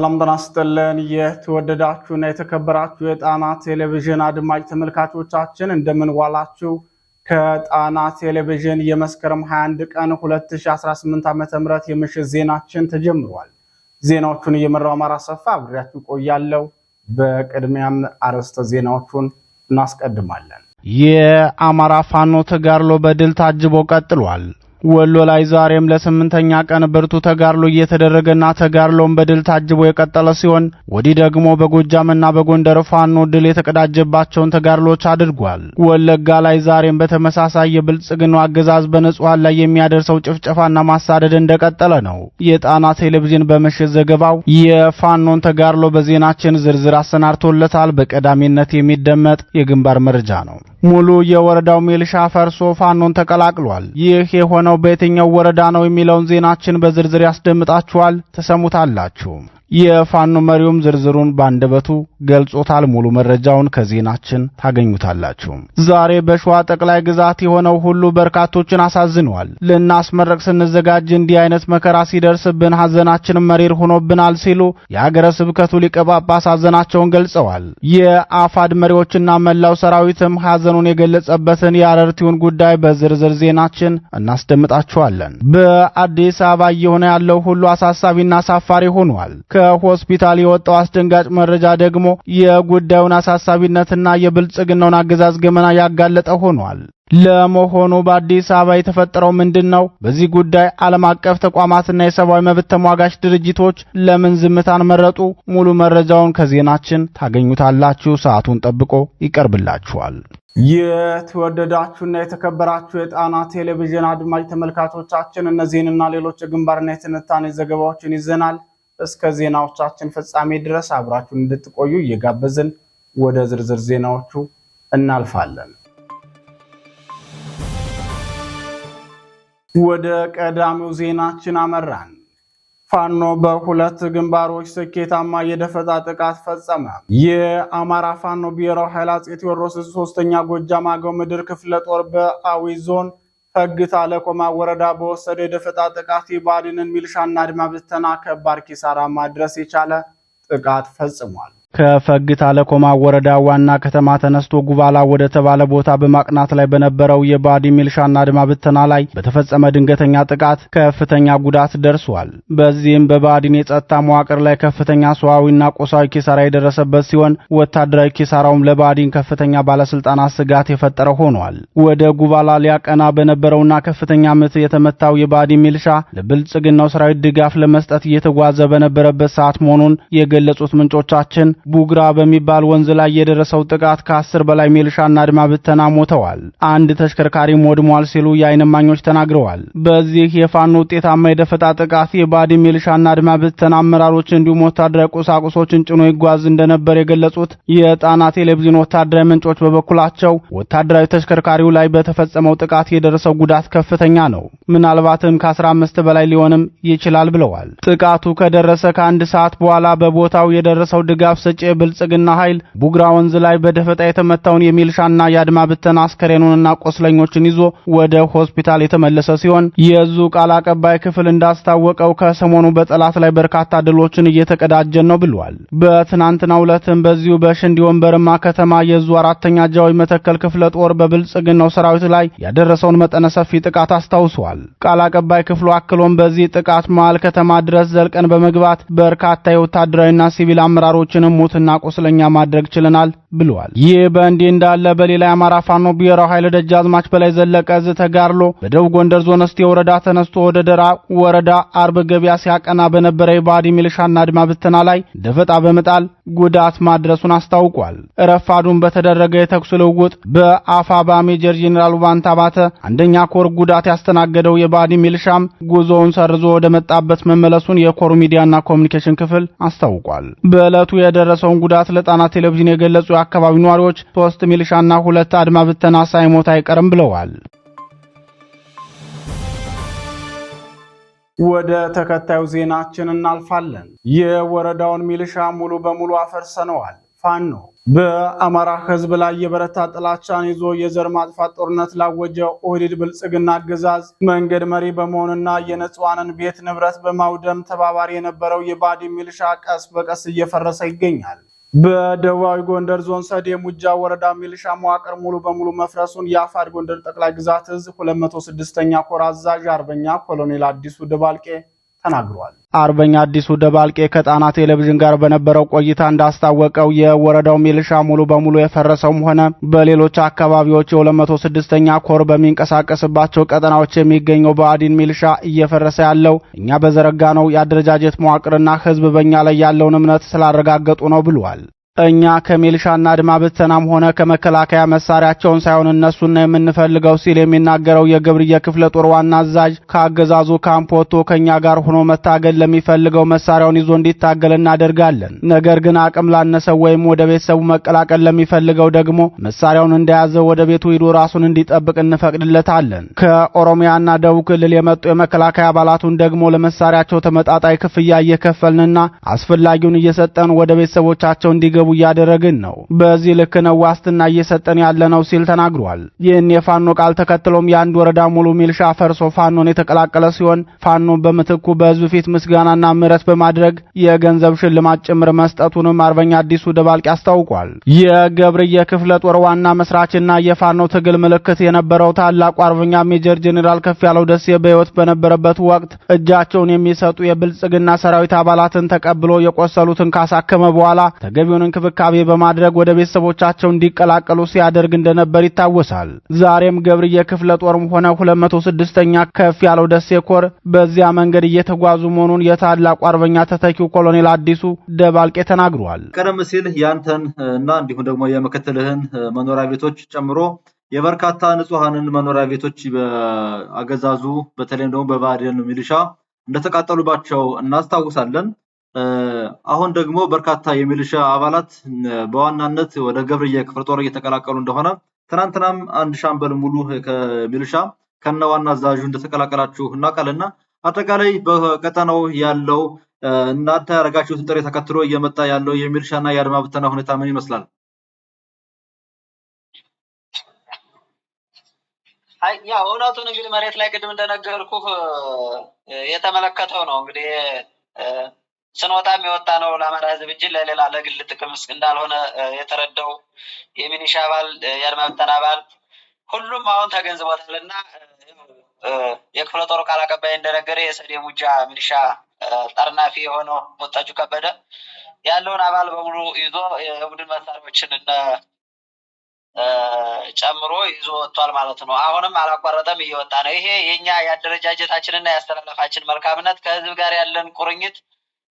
ሰላም ጠናስጥልን የተወደዳችሁና የተከበራችሁ የጣና ቴሌቪዥን አድማጭ ተመልካቾቻችን እንደምንዋላችሁ። ከጣና ቴሌቪዥን የመስከረም 21 ቀን 2018 ዓ.ም የምሽት ዜናችን ተጀምሯል። ዜናዎቹን እየመራው አማራ ሰፋ አብሬያችሁ ቆያለሁ። በቅድሚያም አርዕስተ ዜናዎቹን እናስቀድማለን። የአማራ ፋኖ ተጋድሎ በድል ታጅቦ ቀጥሏል። ወሎ ላይ ዛሬም ለስምንተኛ ቀን ብርቱ ተጋድሎ እየተደረገና ተጋድሎን በድል ታጅቦ የቀጠለ ሲሆን ወዲህ ደግሞ በጎጃምና በጎንደር ፋኖ ድል የተቀዳጀባቸውን ተጋድሎች አድርጓል። ወለጋ ላይ ዛሬም በተመሳሳይ የብልጽግናው አገዛዝ በንጹሐን ላይ የሚያደርሰው ጭፍጨፋና ማሳደድ እንደቀጠለ ነው። የጣና ቴሌቪዥን በምሽት ዘገባው የፋኖን ተጋድሎ በዜናችን ዝርዝር አሰናድቶለታል። በቀዳሚነት የሚደመጥ የግንባር መረጃ ነው። ሙሉ የወረዳው ሚልሻ ፈርሶ ፋኖን ተቀላቅሏል። ይህ የሆነው በየትኛው ወረዳ ነው የሚለውን ዜናችን በዝርዝር ያስደምጣችኋል፣ ተሰሙታላችሁ። የፋኖ መሪውም ዝርዝሩን ባንደበቱ ገልጾታል። ሙሉ መረጃውን ከዜናችን ታገኙታላችሁ። ዛሬ በሸዋ ጠቅላይ ግዛት የሆነው ሁሉ በርካቶችን አሳዝኗል። ልናስመረቅ ስንዘጋጅ እንዲህ አይነት መከራ ሲደርስብን ሐዘናችን መሪር ሆኖብናል ሲሉ የሀገረ ስብከቱ ሊቀ ጳጳስ ሐዘናቸውን ገልጸዋል። የአፋድ መሪዎችና መላው ሰራዊትም ሐዘኑን የገለጸበትን የአረርቲውን ጉዳይ በዝርዝር ዜናችን እናስደምጣችኋለን። በአዲስ አበባ እየሆነ ያለው ሁሉ አሳሳቢና አሳፋሪ ሆኗል። ከሆስፒታል የወጣው አስደንጋጭ መረጃ ደግሞ የጉዳዩን አሳሳቢነትና የብልጽግናውን አገዛዝ ገመና ያጋለጠ ሆኗል። ለመሆኑ በአዲስ አበባ የተፈጠረው ምንድን ነው? በዚህ ጉዳይ ዓለም አቀፍ ተቋማትና የሰብአዊ መብት ተሟጋች ድርጅቶች ለምን ዝምታን መረጡ? ሙሉ መረጃውን ከዜናችን ታገኙታላችሁ። ሰዓቱን ጠብቆ ይቀርብላችኋል። የተወደዳችሁና የተከበራችሁ የጣና ቴሌቪዥን አድማጭ ተመልካቾቻችን እነዚህንና ሌሎች የግንባርና የትንታኔ ዘገባዎችን ይዘናል። እስከ ዜናዎቻችን ፍጻሜ ድረስ አብራችሁን እንድትቆዩ እየጋበዝን ወደ ዝርዝር ዜናዎቹ እናልፋለን። ወደ ቀዳሚው ዜናችን አመራን። ፋኖ በሁለት ግንባሮች ስኬታማ የደፈጣ ጥቃት ፈጸመ። የአማራ ፋኖ ብሔራዊ ኃይል አጼ ቴዎድሮስ ሶስተኛ ጎጃም አገው ምድር ክፍለ ጦር በአዊ ዞን ህግት አለቆማ ወረዳ በወሰደ የደፈጣ ጥቃት የባድንን ሚልሻና አድማ ብተና ከባድ ኪሳራ ማድረስ የቻለ ጥቃት ፈጽሟል። ከፈግታ ለኮማ ወረዳ ዋና ከተማ ተነስቶ ጉባላ ወደ ተባለ ቦታ በማቅናት ላይ በነበረው የባዲ ሚልሻና አድማ ብተና ላይ በተፈጸመ ድንገተኛ ጥቃት ከፍተኛ ጉዳት ደርሷል። በዚህም በባዲን የጸጥታ መዋቅር ላይ ከፍተኛ ሰዋዊና ቁሳዊ ኪሳራ የደረሰበት ሲሆን ወታደራዊ ኪሳራውም ለባዲን ከፍተኛ ባለስልጣናት ስጋት የፈጠረ ሆኗል። ወደ ጉባላ ሊያቀና በነበረውና ከፍተኛ ምት የተመታው የባዲ ሚልሻ ለብልጽግናው ሰራዊት ድጋፍ ለመስጠት እየተጓዘ በነበረበት ሰዓት መሆኑን የገለጹት ምንጮቻችን ቡግራ በሚባል ወንዝ ላይ የደረሰው ጥቃት ከአስር በላይ ሚልሻና አድማ ብተና ሞተዋል፣ አንድ ተሽከርካሪም ወድሟል ሲሉ የአይን እማኞች ተናግረዋል። በዚህ የፋኖ ውጤታማ የደፈጣ ጥቃት የባዲ ሚልሻና አድማ ብተና አመራሮች እንዲሁም ወታደራዊ ቁሳቁሶችን ጭኖ ይጓዝ እንደነበር የገለጹት የጣና ቴሌቪዥን ወታደራዊ ምንጮች በበኩላቸው ወታደራዊ ተሽከርካሪው ላይ በተፈጸመው ጥቃት የደረሰው ጉዳት ከፍተኛ ነው፣ ምናልባትም ከ15 በላይ ሊሆንም ይችላል ብለዋል። ጥቃቱ ከደረሰ ከአንድ ሰዓት በኋላ በቦታው የደረሰው ድጋፍ ሰጪ የብልጽግና ኃይል ቡግራ ወንዝ ላይ በደፈጣ የተመታውን የሚልሻና የአድማ ብተና አስከሬኑንና ቆስለኞችን ይዞ ወደ ሆስፒታል የተመለሰ ሲሆን የዙ ቃል አቀባይ ክፍል እንዳስታወቀው ከሰሞኑ በጠላት ላይ በርካታ ድሎችን እየተቀዳጀን ነው ብሏል። በትናንትናው ዕለትም በዚሁ በሽንዲ ወንበርማ ከተማ የዙ አራተኛ ጃዊ መተከል ክፍለ ጦር በብልጽግናው ሰራዊት ላይ ያደረሰውን መጠነ ሰፊ ጥቃት አስታውሷል። ቃል አቀባይ ክፍሉ አክሎም በዚህ ጥቃት መሃል ከተማ ድረስ ዘልቀን በመግባት በርካታ የወታደራዊና ሲቪል አመራሮችንም ሙትና ቁስለኛ ማድረግ ችለናል። ብለዋል። ይህ በእንዲህ እንዳለ በሌላ የአማራ ፋኖ ብሔራዊ ኃይል ደጃዝማች በላይ ዘለቀ እዝ ተጋድሎ በደቡብ ጎንደር ዞን እስቴ ወረዳ ተነስቶ ወደ ደራ ወረዳ አርብ ገበያ ሲያቀና በነበረ የባዲ ሚልሻና አድማ ብተና ላይ ደፈጣ በመጣል ጉዳት ማድረሱን አስታውቋል። ረፋዱን በተደረገ የተኩስ ልውውጥ በአፋባ ሜጀር ጄኔራል ባንታ ባተ አንደኛ ኮር ጉዳት ያስተናገደው የባዲ ሚልሻም ጉዞውን ሰርዞ ወደ መጣበት መመለሱን የኮሩ ሚዲያና ኮሚኒኬሽን ክፍል አስታውቋል። በዕለቱ የደረሰውን ጉዳት ለጣና ቴሌቪዥን የገለጹ አካባቢው ነዋሪዎች ሶስት ሚሊሻና ሁለት አድማ ብተና ሳይሞት አይቀርም ብለዋል። ወደ ተከታዩ ዜናችን እናልፋለን። የወረዳውን ሚሊሻ ሙሉ በሙሉ አፈርሰነዋል። ፋኖ በአማራ ሕዝብ ላይ የበረታ ጥላቻን ይዞ የዘር ማጥፋት ጦርነት ላወጀው ኦህዴድ ብልጽግና አገዛዝ መንገድ መሪ በመሆንና የንጹሐንን ቤት ንብረት በማውደም ተባባሪ የነበረው የባዲ ሚሊሻ ቀስ በቀስ እየፈረሰ ይገኛል። በደቡባዊ ጎንደር ዞን ሰዴ ሙጃ ወረዳ ሚልሻ መዋቅር ሙሉ በሙሉ መፍረሱን የአፋድ ጎንደር ጠቅላይ ግዛት እዝ 206ኛ ኮር አዛዥ አርበኛ ኮሎኔል አዲሱ ድባልቄ ተናግሯል አርበኛ አዲሱ ደባልቄ ከጣና ቴሌቪዥን ጋር በነበረው ቆይታ እንዳስታወቀው የወረዳው ሚሊሻ ሙሉ በሙሉ የፈረሰውም ሆነ በሌሎች አካባቢዎች የ206ኛ ኮር በሚንቀሳቀስባቸው ቀጠናዎች የሚገኘው በአዲን ሚልሻ እየፈረሰ ያለው እኛ በዘረጋ ነው የአደረጃጀት መዋቅርና ህዝብ በእኛ ላይ ያለውን እምነት ስላረጋገጡ ነው ብሏል። እኛ ከሚልሻና አድማ ብተናም ሆነ ከመከላከያ መሳሪያቸውን ሳይሆን እነሱን ነው የምንፈልገው ሲል የሚናገረው የግብርየ ክፍለ ጦር ዋና አዛዥ ከአገዛዙ ካምፕ ወጥቶ ከእኛ ጋር ሆኖ መታገል ለሚፈልገው መሳሪያውን ይዞ እንዲታገል እናደርጋለን። ነገር ግን አቅም ላነሰው ወይም ወደ ቤተሰቡ መቀላቀል ለሚፈልገው ደግሞ መሳሪያውን እንደያዘ ወደ ቤቱ ሂዶ ራሱን እንዲጠብቅ እንፈቅድለታለን። ከኦሮሚያና ደቡብ ክልል የመጡ የመከላከያ አባላቱን ደግሞ ለመሳሪያቸው ተመጣጣይ ክፍያ እየከፈልንና አስፈላጊውን እየሰጠን ወደ ቤተሰቦቻቸው እንዲገቡ እያደረግን ነው። በዚህ ልክ ነው ዋስትና እየሰጠን ያለ ነው ሲል ተናግሯል። ይህን የፋኖ ቃል ተከትሎም የአንድ ወረዳ ሙሉ ሚልሻ ፈርሶ ፋኖን የተቀላቀለ ሲሆን ፋኖ በምትኩ በህዝብ ፊት ምስጋናና ምረት በማድረግ የገንዘብ ሽልማት ጭምር መስጠቱንም አርበኛ አዲሱ ደባልቅ አስታውቋል። የገብርዬ ክፍለ ጦር ዋና መስራችና የፋኖ ትግል ምልክት የነበረው ታላቁ አርበኛ ሜጀር ጄኔራል ከፍ ያለው ደሴ በህይወት በነበረበት ወቅት እጃቸውን የሚሰጡ የብልጽግና ሰራዊት አባላትን ተቀብሎ የቆሰሉትን ካሳከመ በኋላ ተገቢውን እንክብካቤ በማድረግ ወደ ቤተሰቦቻቸው እንዲቀላቀሉ ሲያደርግ እንደነበር ይታወሳል። ዛሬም ገብርዬ ክፍለ ጦርም ሆነ 206ኛ ከፍ ያለው ደሴ ኮር በዚያ መንገድ እየተጓዙ መሆኑን የታላቁ አርበኛ ተተኪው ኮሎኔል አዲሱ ደባልቄ ተናግሯል። ቀደም ሲል ያንተን እና እንዲሁም ደግሞ የምክትልህን መኖሪያ ቤቶች ጨምሮ የበርካታ ንጹሐንን መኖሪያ ቤቶች በአገዛዙ በተለይም ደግሞ በባዕድን ሚሊሻ እንደተቃጠሉባቸው እናስታውሳለን። አሁን ደግሞ በርካታ የሚሊሻ አባላት በዋናነት ወደ ገብርዬ ክፍለ ጦር እየተቀላቀሉ እንደሆነ ትናንትናም አንድ ሻምበል ሙሉ ከሚሊሻ ከነ ዋና አዛዡ እንደተቀላቀላችሁ እናውቃልና አጠቃላይ በቀጠናው ያለው እናንተ ያደረጋችሁትን ጥሪ ተከትሎ እየመጣ ያለው የሚሊሻና የአድማ ብተና ሁኔታ ምን ይመስላል? ያ እውነቱን እንግዲህ መሬት ላይ ቅድም እንደነገርኩ የተመለከተው ነው እንግዲህ ስንወጣም የወጣ ነው ለአማራ ህዝብ እንጂ ለሌላ ለግል ጥቅም እንዳልሆነ የተረዳው የሚኒሻ አባል የአድማ ብተና አባል ሁሉም አሁን ተገንዝቦታል እና የክፍለ ጦሩ ቃል አቀባይ እንደነገረ የሰዴ ሙጃ ሚኒሻ ጠርናፊ የሆነው ወጣጁ ከበደ ያለውን አባል በሙሉ ይዞ የቡድን መሳሪያዎችን ጨምሮ ይዞ ወጥቷል ማለት ነው። አሁንም አላቋረጠም እየወጣ ነው። ይሄ የኛ የአደረጃጀታችንና የአስተላለፋችን መልካምነት ከህዝብ ጋር ያለን ቁርኝት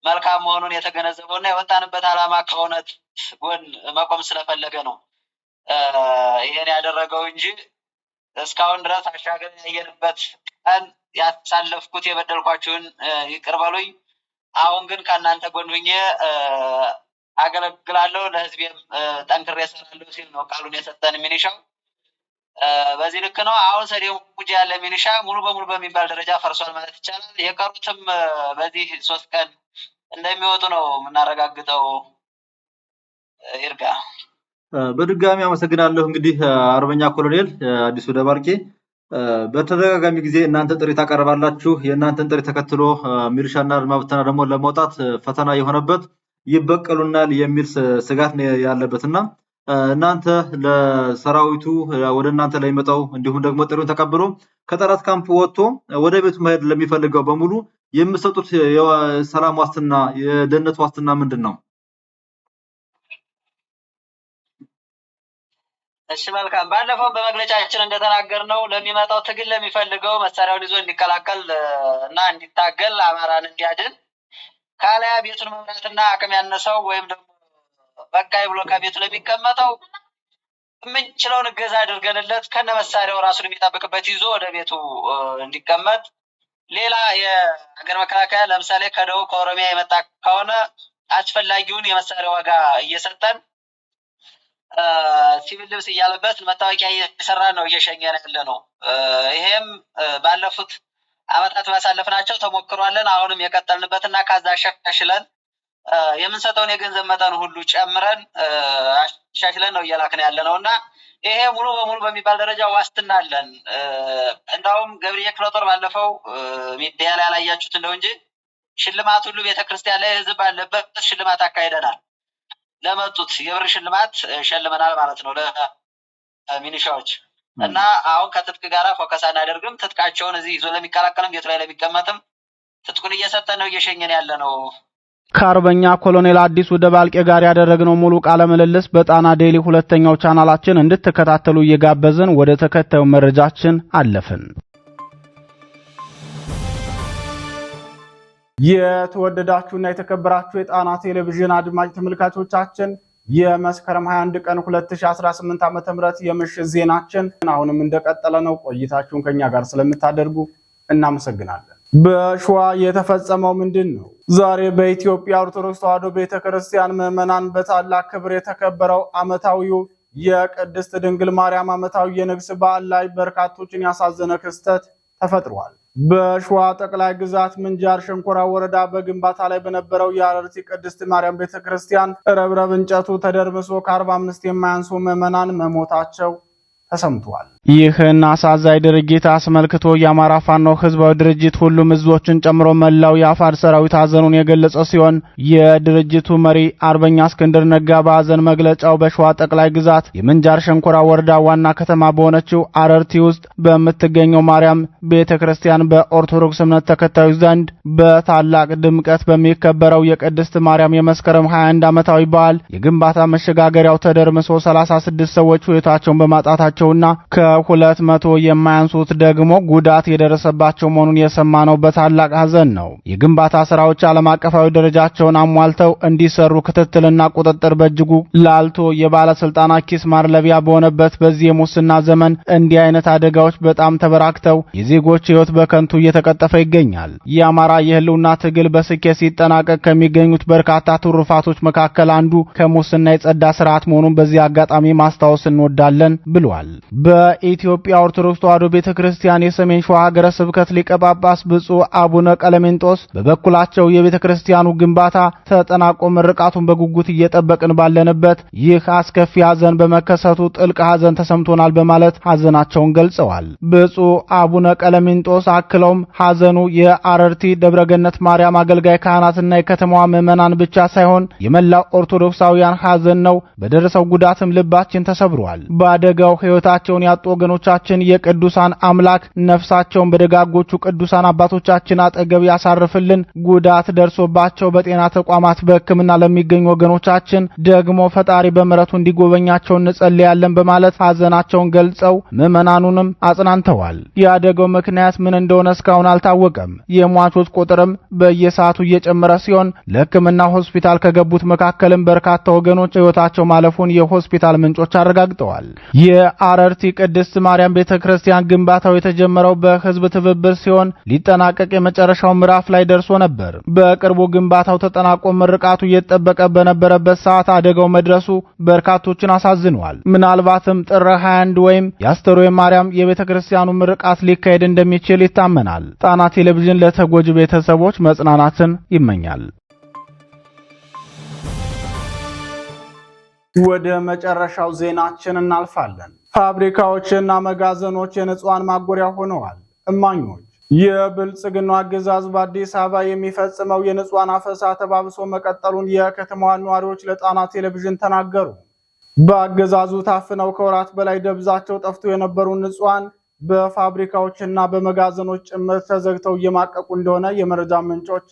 መልካም መሆኑን የተገነዘበው እና የወጣንበት ዓላማ ከእውነት ጎን መቆም ስለፈለገ ነው ይህን ያደረገው እንጂ እስካሁን ድረስ አሻገር ያየንበት ቀን ያሳለፍኩት የበደልኳችሁን ይቅርበሉኝ አሁን ግን ከእናንተ ጎንብኜ አገለግላለሁ፣ ለህዝቤም ጠንክሬ ሰራለሁ ሲል ነው ቃሉን የሰጠን የሚኒሻው። በዚህ ልክ ነው። አሁን ሰዴ ሙጃ ያለ ሚኒሻ ሙሉ በሙሉ በሚባል ደረጃ ፈርሷል ማለት ይቻላል። የቀሩትም በዚህ ሶስት ቀን እንደሚወጡ ነው የምናረጋግጠው። ይርጋ በድጋሚ አመሰግናለሁ። እንግዲህ አርበኛ ኮሎኔል አዲሱ ደባርቄ በተደጋጋሚ ጊዜ እናንተ ጥሪ ታቀርባላችሁ። የእናንተን ጥሪ ተከትሎ ሚሊሻና አድማ ብተና ደግሞ ለመውጣት ፈተና የሆነበት ይበቀሉናል የሚል ስጋት እና እናንተ ለሰራዊቱ ወደ እናንተ ላይ መጣው እንዲሁም ደግሞ ጥሪውን ተቀብሎ ከጠላት ካምፕ ወጥቶ ወደ ቤቱ መሄድ ለሚፈልገው በሙሉ የምሰጡት የሰላም ዋስትና የደህንነት ዋስትና ምንድን ነው? እሺ መልካም። ባለፈው በመግለጫችን እንደተናገርነው ለሚመጣው ትግል ለሚፈልገው መሳሪያውን ይዞ እንዲቀላቀል እና እንዲታገል አማራን እንዲያድን ካለያ ቤቱን መምረትና አቅም ያነሰው ወይም ደግሞ በቃይ ብሎ ከቤቱ ለሚቀመጠው የምንችለውን እገዛ አድርገንለት ከነ መሳሪያው ራሱን የሚጠብቅበት ይዞ ወደ ቤቱ እንዲቀመጥ፣ ሌላ የሀገር መከላከያ ለምሳሌ ከደቡብ ከኦሮሚያ የመጣ ከሆነ አስፈላጊውን የመሳሪያ ዋጋ እየሰጠን ሲቪል ልብስ እያለበት መታወቂያ እየሰራ ነው እየሸኘን ያለ ነው። ይሄም ባለፉት አመታት ባሳለፍናቸው ተሞክሯለን። አሁንም የቀጠልንበትና ከዛ ሸሽለን የምንሰጠውን የገንዘብ መጠን ሁሉ ጨምረን አሻሽለን ነው እየላክን ያለ ነው እና ይሄ ሙሉ በሙሉ በሚባል ደረጃ ዋስትና አለን። እንዳውም ገብርዬ ክፍለጦር ባለፈው ሚዲያ ላይ ያላያችሁት እንደው እንጂ ሽልማት ሁሉ ቤተክርስቲያን ላይ ህዝብ ባለበት ሽልማት አካሂደናል። ለመጡት የብር ሽልማት ሸልመናል ማለት ነው ለሚኒሻዎች እና አሁን ከትጥቅ ጋር ፎከስ አናደርግም። ትጥቃቸውን እዚህ ይዞ ለሚቀላቀልም ቤቱ ላይ ለሚቀመጥም ትጥቁን እየሰጠን ነው እየሸኘን ያለ ነው። ከአርበኛ ኮሎኔል አዲሱ ደባልቄ ጋር ያደረግነው ሙሉ ቃለ ምልልስ በጣና ዴሊ ሁለተኛው ቻናላችን እንድትከታተሉ እየጋበዝን ወደ ተከታዩ መረጃችን አለፍን። የተወደዳችሁና የተከበራችሁ የጣና ቴሌቪዥን አድማጭ ተመልካቾቻችን የመስከረም 21 ቀን 2018 ዓ.ም የምሽት ዜናችን አሁንም እንደቀጠለ ነው። ቆይታችሁን ከኛ ጋር ስለምታደርጉ እናመሰግናለን። በሸዋ የተፈጸመው ምንድን ነው? ዛሬ በኢትዮጵያ ኦርቶዶክስ ተዋሕዶ ቤተክርስቲያን ምዕመናን በታላቅ ክብር የተከበረው ዓመታዊው የቅድስት ድንግል ማርያም ዓመታዊ የንግስ በዓል ላይ በርካቶችን ያሳዘነ ክስተት ተፈጥሯል። በሸዋ ጠቅላይ ግዛት ምንጃር ሸንኮራ ወረዳ በግንባታ ላይ በነበረው የአረርቲ ቅድስት ማርያም ቤተክርስቲያን ረብረብ እንጨቱ ተደርምሶ ከ45 የማያንሱ ምዕመናን መሞታቸው ተሰምቷል። ይህን አሳዛኝ ድርጊት አስመልክቶ የአማራ ፋኖ ህዝባዊ ድርጅት ሁሉም እዞችን ጨምሮ መላው የአፋድ ሰራዊት ሀዘኑን የገለጸ ሲሆን የድርጅቱ መሪ አርበኛ እስክንድር ነጋ በሀዘን መግለጫው በሸዋ ጠቅላይ ግዛት የምንጃር ሸንኮራ ወረዳ ዋና ከተማ በሆነችው አረርቲ ውስጥ በምትገኘው ማርያም ቤተ ክርስቲያን በኦርቶዶክስ እምነት ተከታዮች ዘንድ በታላቅ ድምቀት በሚከበረው የቅድስት ማርያም የመስከረም 21 ዓመታዊ በዓል የግንባታ መሸጋገሪያው ተደርምሶ 36 ሰዎች ህይወታቸውን በማጣታቸውና ከ ከሁለት መቶ የማያንሱት ደግሞ ጉዳት የደረሰባቸው መሆኑን የሰማነው በታላቅ ሐዘን ነው። የግንባታ ስራዎች ዓለም አቀፋዊ ደረጃቸውን አሟልተው እንዲሰሩ ክትትልና ቁጥጥር በእጅጉ ላልቶ የባለስልጣናት ኪስ ማርለቢያ በሆነበት በዚህ የሙስና ዘመን እንዲህ አይነት አደጋዎች በጣም ተበራክተው የዜጎች ሕይወት በከንቱ እየተቀጠፈ ይገኛል። የአማራ የህልውና ትግል በስኬት ሲጠናቀቅ ከሚገኙት በርካታ ትሩፋቶች መካከል አንዱ ከሙስና የጸዳ ስርዓት መሆኑን በዚህ አጋጣሚ ማስታወስ እንወዳለን ብሏል። የኢትዮጵያ ኦርቶዶክስ ተዋሕዶ ቤተ ክርስቲያን የሰሜን ሸዋ ሀገረ ስብከት ሊቀ ጳጳስ ብፁዕ አቡነ ቀለሜንጦስ በበኩላቸው የቤተ ክርስቲያኑ ግንባታ ተጠናቆ ምርቃቱን በጉጉት እየጠበቅን ባለንበት ይህ አስከፊ ሐዘን በመከሰቱ ጥልቅ ሐዘን ተሰምቶናል በማለት ሐዘናቸውን ገልጸዋል። ብፁዕ አቡነ ቀለሜንጦስ አክለውም ሐዘኑ የአረርቲ ደብረገነት ማርያም አገልጋይ ካህናትና የከተማዋ ምዕመናን ብቻ ሳይሆን የመላው ኦርቶዶክሳውያን ሐዘን ነው። በደረሰው ጉዳትም ልባችን ተሰብሯል። በአደጋው ሕይወታቸውን ያጡ ወገኖቻችን የቅዱሳን አምላክ ነፍሳቸውን በደጋጎቹ ቅዱሳን አባቶቻችን አጠገብ ያሳርፍልን። ጉዳት ደርሶባቸው በጤና ተቋማት በሕክምና ለሚገኙ ወገኖቻችን ደግሞ ፈጣሪ በምረቱ እንዲጎበኛቸው እንጸልያለን በማለት ሐዘናቸውን ገልጸው ምዕመናኑንም አጽናንተዋል። የአደገው ምክንያት ምን እንደሆነ እስካሁን አልታወቀም። የሟቾች ቁጥርም በየሰዓቱ እየጨመረ ሲሆን ለሕክምና ሆስፒታል ከገቡት መካከልም በርካታ ወገኖች ሕይወታቸው ማለፉን የሆስፒታል ምንጮች አረጋግጠዋል። የአረርቲ ቅድስ ቅድስት ማርያም ቤተ ክርስቲያን ግንባታው የተጀመረው በህዝብ ትብብር ሲሆን ሊጠናቀቅ የመጨረሻው ምዕራፍ ላይ ደርሶ ነበር። በቅርቡ ግንባታው ተጠናቆ ምርቃቱ እየተጠበቀ በነበረበት ሰዓት አደጋው መድረሱ በርካቶችን አሳዝኗል። ምናልባትም ጥር 21 ወይም የአስተርዮ ማርያም የቤተ ክርስቲያኑ ምርቃት ሊካሄድ እንደሚችል ይታመናል። ጣና ቴሌቪዥን ለተጎጂ ቤተሰቦች መጽናናትን ይመኛል። ወደ መጨረሻው ዜናችን እናልፋለን። ፋብሪካዎችና መጋዘኖች የንጹሐን ማጎሪያ ሆነዋል። እማኞች የብልጽግናው አገዛዝ በአዲስ አበባ የሚፈጽመው የንጹሐን አፈሳ ተባብሶ መቀጠሉን የከተማዋ ነዋሪዎች ለጣና ቴሌቪዥን ተናገሩ። በአገዛዙ ታፍነው ከወራት በላይ ደብዛቸው ጠፍቶ የነበሩ ንጹሐን በፋብሪካዎችና በመጋዘኖች ጭምር ተዘግተው እየማቀቁ እንደሆነ የመረጃ ምንጮች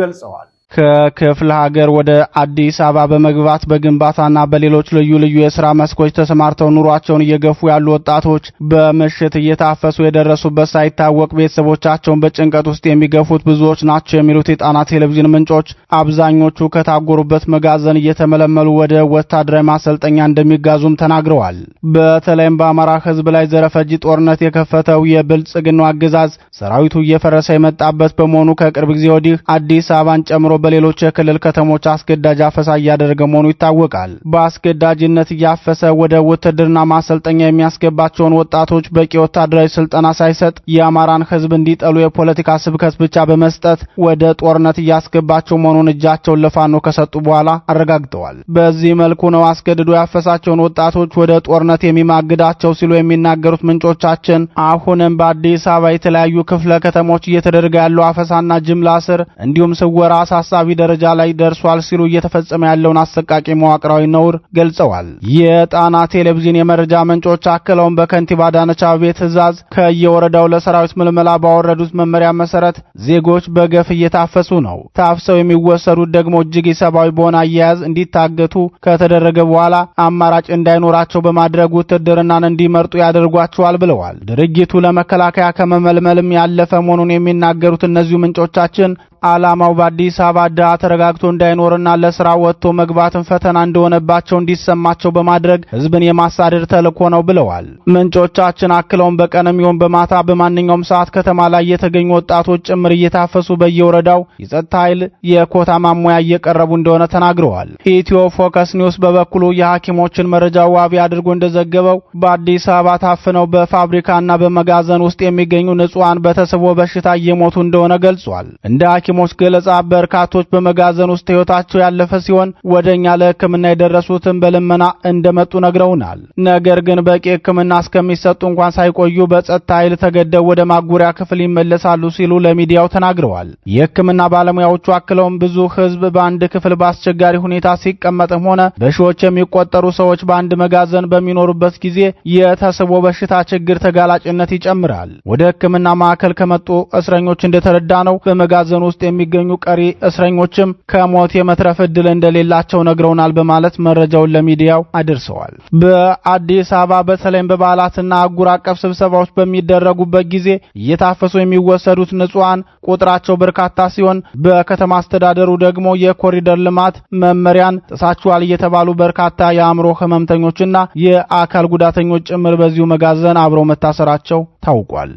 ገልጸዋል። ከክፍለ ሀገር ወደ አዲስ አበባ በመግባት በግንባታና በሌሎች ልዩ ልዩ የስራ መስኮች ተሰማርተው ኑሯቸውን እየገፉ ያሉ ወጣቶች በምሽት እየታፈሱ የደረሱበት ሳይታወቅ ቤተሰቦቻቸውን በጭንቀት ውስጥ የሚገፉት ብዙዎች ናቸው የሚሉት የጣና ቴሌቪዥን ምንጮች አብዛኞቹ ከታጎሩበት መጋዘን እየተመለመሉ ወደ ወታደራዊ ማሰልጠኛ እንደሚጋዙም ተናግረዋል። በተለይም በአማራ ህዝብ ላይ ዘረፈጂ ጦርነት የከፈተው የብልጽግናው አገዛዝ ሰራዊቱ እየፈረሰ የመጣበት በመሆኑ ከቅርብ ጊዜ ወዲህ አዲስ አበባን ጨምሮ በሌሎች የክልል ከተሞች አስገዳጅ አፈሳ እያደረገ መሆኑ ይታወቃል። በአስገዳጅነት እያፈሰ ወደ ውትድርና ማሰልጠኛ የሚያስገባቸውን ወጣቶች በቂ ወታደራዊ ስልጠና ሳይሰጥ የአማራን ሕዝብ እንዲጠሉ የፖለቲካ ስብከት ብቻ በመስጠት ወደ ጦርነት እያስገባቸው መሆኑን እጃቸውን ለፋኖ ከሰጡ በኋላ አረጋግጠዋል። በዚህ መልኩ ነው አስገድዶ ያፈሳቸውን ወጣቶች ወደ ጦርነት የሚማግዳቸው ሲሉ የሚናገሩት ምንጮቻችን አሁንም በአዲስ አበባ የተለያዩ ክፍለ ከተሞች እየተደረገ ያለው አፈሳና ጅምላ እስር እንዲሁም ስወራ አሳስ አሳሳቢ ደረጃ ላይ ደርሷል ሲሉ እየተፈጸመ ያለውን አሰቃቂ መዋቅራዊ ነውር ገልጸዋል። የጣና ቴሌቪዥን የመረጃ ምንጮች አክለውን በከንቲባ አዳነች አቤቤ ትዕዛዝ ከየወረዳው ለሰራዊት ምልመላ ባወረዱት መመሪያ መሰረት ዜጎች በገፍ እየታፈሱ ነው። ታፍሰው የሚወሰዱት ደግሞ እጅግ ሰብአዊ በሆነ አያያዝ እንዲታገቱ ከተደረገ በኋላ አማራጭ እንዳይኖራቸው በማድረግ ውትድርናን እንዲመርጡ ያደርጓቸዋል ብለዋል። ድርጊቱ ለመከላከያ ከመመልመልም ያለፈ መሆኑን የሚናገሩት እነዚሁ ምንጮቻችን ዓላማው በአዲስ አበባ ዕዳ ተረጋግቶ እንዳይኖርና ለስራ ወጥቶ መግባትን ፈተና እንደሆነባቸው እንዲሰማቸው በማድረግ ህዝብን የማሳደድ ተልዕኮ ነው ብለዋል። ምንጮቻችን አክለውም በቀንም ይሁን በማታ በማንኛውም ሰዓት ከተማ ላይ የተገኙ ወጣቶች ጭምር እየታፈሱ በየወረዳው የጸጥታ ኃይል የኮታ ማሟያ እየቀረቡ እንደሆነ ተናግረዋል። ኢትዮ ፎከስ ኒውስ በበኩሉ የሐኪሞችን መረጃ ዋቢ አድርጎ እንደዘገበው በአዲስ አበባ ታፍነው በፋብሪካና በመጋዘን ውስጥ የሚገኙ ንጹሐን በተስቦ በሽታ እየሞቱ እንደሆነ ገልጿል። እንደ ሐኪሞች ገለጻ በርካቶች በመጋዘን ውስጥ ሕይወታቸው ያለፈ ሲሆን ወደ እኛ ለሕክምና የደረሱትን በልመና እንደመጡ ነግረውናል። ነገር ግን በቂ ሕክምና እስከሚሰጡ እንኳን ሳይቆዩ በጸጥታ ኃይል ተገደው ወደ ማጉሪያ ክፍል ይመለሳሉ ሲሉ ለሚዲያው ተናግረዋል። የሕክምና ባለሙያዎቹ አክለውም ብዙ ሕዝብ በአንድ ክፍል በአስቸጋሪ ሁኔታ ሲቀመጥም ሆነ በሺዎች የሚቆጠሩ ሰዎች በአንድ መጋዘን በሚኖሩበት ጊዜ የተስቦ በሽታ ችግር ተጋላጭነት ይጨምራል። ወደ ሕክምና ማዕከል ከመጡ እስረኞች እንደተረዳ ነው በመጋዘን ውስጥ ውስጥ የሚገኙ ቀሪ እስረኞችም ከሞት የመትረፍ እድል እንደሌላቸው ነግረውናል በማለት መረጃውን ለሚዲያው አድርሰዋል። በአዲስ አበባ በተለይም በበዓላትና አህጉር አቀፍ ስብሰባዎች በሚደረጉበት ጊዜ እየታፈሱ የሚወሰዱት ንጹሐን ቁጥራቸው በርካታ ሲሆን በከተማ አስተዳደሩ ደግሞ የኮሪደር ልማት መመሪያን ጥሳችኋል እየተባሉ በርካታ የአእምሮ ህመምተኞችና የአካል ጉዳተኞች ጭምር በዚሁ መጋዘን አብረው መታሰራቸው ታውቋል።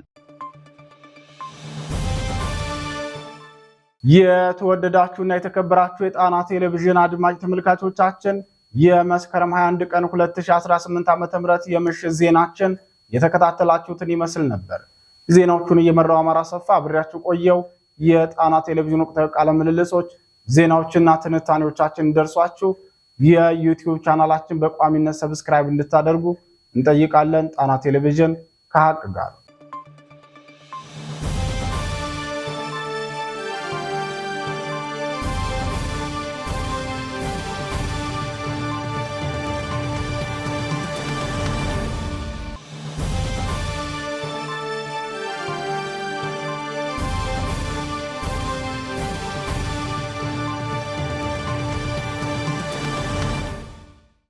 የተወደዳችሁና የተከበራችሁ የጣና ቴሌቪዥን አድማጭ ተመልካቾቻችን የመስከረም 21 ቀን 2018 ዓ.ም የምሽት ዜናችን የተከታተላችሁትን ይመስል ነበር። ዜናዎቹን እየመራው አማራ ሰፋ አብሬያችሁ ቆየው። የጣና ቴሌቪዥን ወቅታዊ ቃለ ምልልሶች፣ ዜናዎችና ትንታኔዎቻችን ደርሷችሁ የዩቲዩብ ቻናላችን በቋሚነት ሰብስክራይብ እንድታደርጉ እንጠይቃለን። ጣና ቴሌቪዥን ከሀቅ ጋር